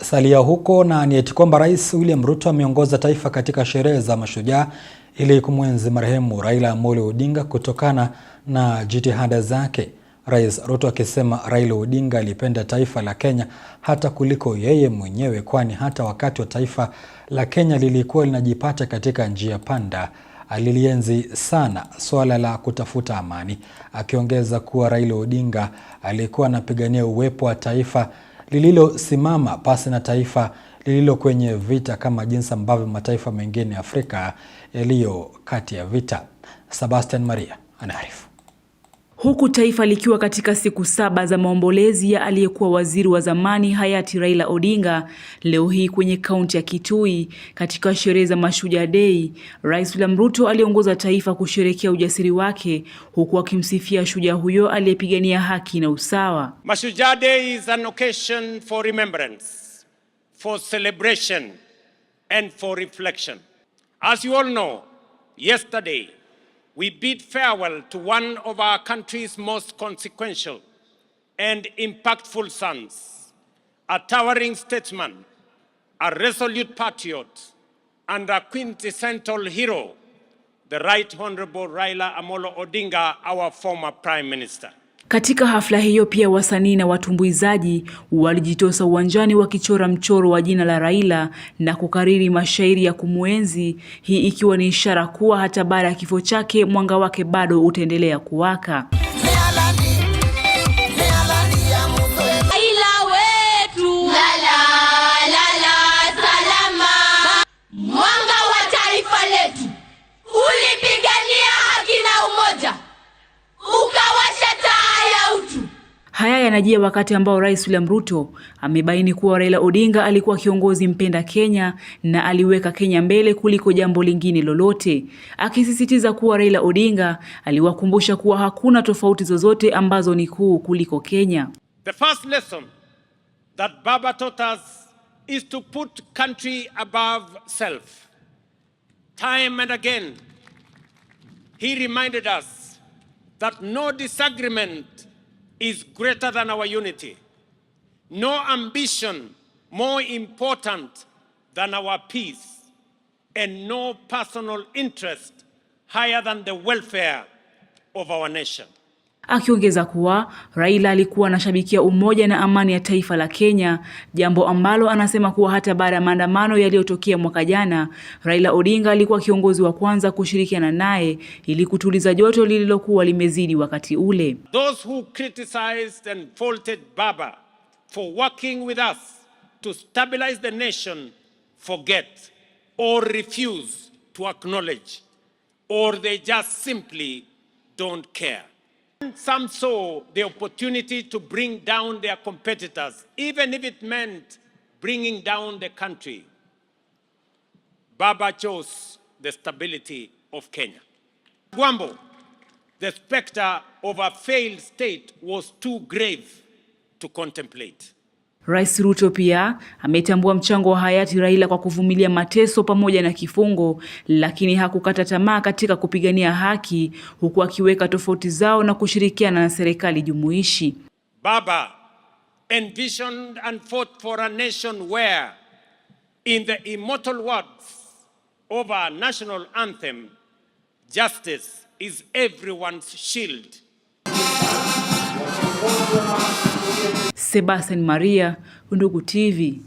salia huko na nieti kwamba Rais William Ruto ameongoza taifa katika sherehe za Mashujaa ili kumwenzi marehemu Raila Amolo Odinga kutokana na jitihada zake. Rais Ruto akisema Raila Odinga alipenda taifa la Kenya hata kuliko yeye mwenyewe, kwani hata wakati wa taifa la Kenya lilikuwa linajipata katika njia panda alilienzi sana swala la kutafuta amani, akiongeza kuwa Raila Odinga alikuwa anapigania uwepo wa taifa lililosimama pasi na taifa lililo kwenye vita kama jinsi ambavyo mataifa mengine Afrika yaliyo kati ya vita. Sebastian Maria anaarifu huku taifa likiwa katika siku saba za maombolezi ya aliyekuwa waziri wa zamani hayati Raila Odinga, leo hii kwenye kaunti ya Kitui katika sherehe za Mashujaa Day, Rais William Ruto aliongoza taifa kusherekea ujasiri wake huku akimsifia shujaa huyo aliyepigania haki na usawa. Mashujaa Day is an occasion for remembrance, for celebration and for reflection. As you all know, yesterday we bid farewell to one of our country's most consequential and impactful sons, a towering statesman, a resolute patriot, and a quintessential hero, the Right Honorable Raila Amolo Odinga, our former Prime Minister. Katika hafla hiyo pia wasanii na watumbuizaji walijitosa uwanjani wakichora mchoro wa jina la Raila na kukariri mashairi ya kumwenzi, hii ikiwa ni ishara kuwa hata baada ya kifo chake mwanga wake bado utaendelea kuwaka. Haya yanajia wakati ambao Rais William Ruto amebaini kuwa Raila Odinga alikuwa kiongozi mpenda Kenya na aliweka Kenya mbele kuliko jambo lingine lolote, akisisitiza kuwa Raila Odinga aliwakumbusha kuwa hakuna tofauti zozote ambazo ni kuu kuliko Kenya. The first lesson that Baba taught us is to put country above self. Time and again, he reminded us that no disagreement is greater than our unity. No ambition more important than our peace, and no personal interest higher than the welfare of our nation akiongeza kuwa Raila alikuwa anashabikia umoja na amani ya taifa la Kenya, jambo ambalo anasema kuwa hata baada ya maandamano yaliyotokea mwaka jana, Raila Odinga alikuwa kiongozi wa kwanza kushirikiana naye ili kutuliza joto lililokuwa limezidi wakati ule. Those who criticized and faulted Baba for working with us to stabilize the nation forget or refuse to acknowledge or they just simply don't care. Some saw the opportunity to bring down their competitors, even if it meant bringing down the country. Baba chose the stability of Kenya. Guambo, the specter of a failed state was too grave to contemplate. Rais Ruto pia ametambua mchango wa hayati Raila kwa kuvumilia mateso pamoja na kifungo, lakini hakukata tamaa katika kupigania haki, huku akiweka tofauti zao na kushirikiana na serikali jumuishi. Baba envisioned and fought for a nation where in the immortal words of our national anthem justice is everyone's shield Sebastian Maria, Undugu TV.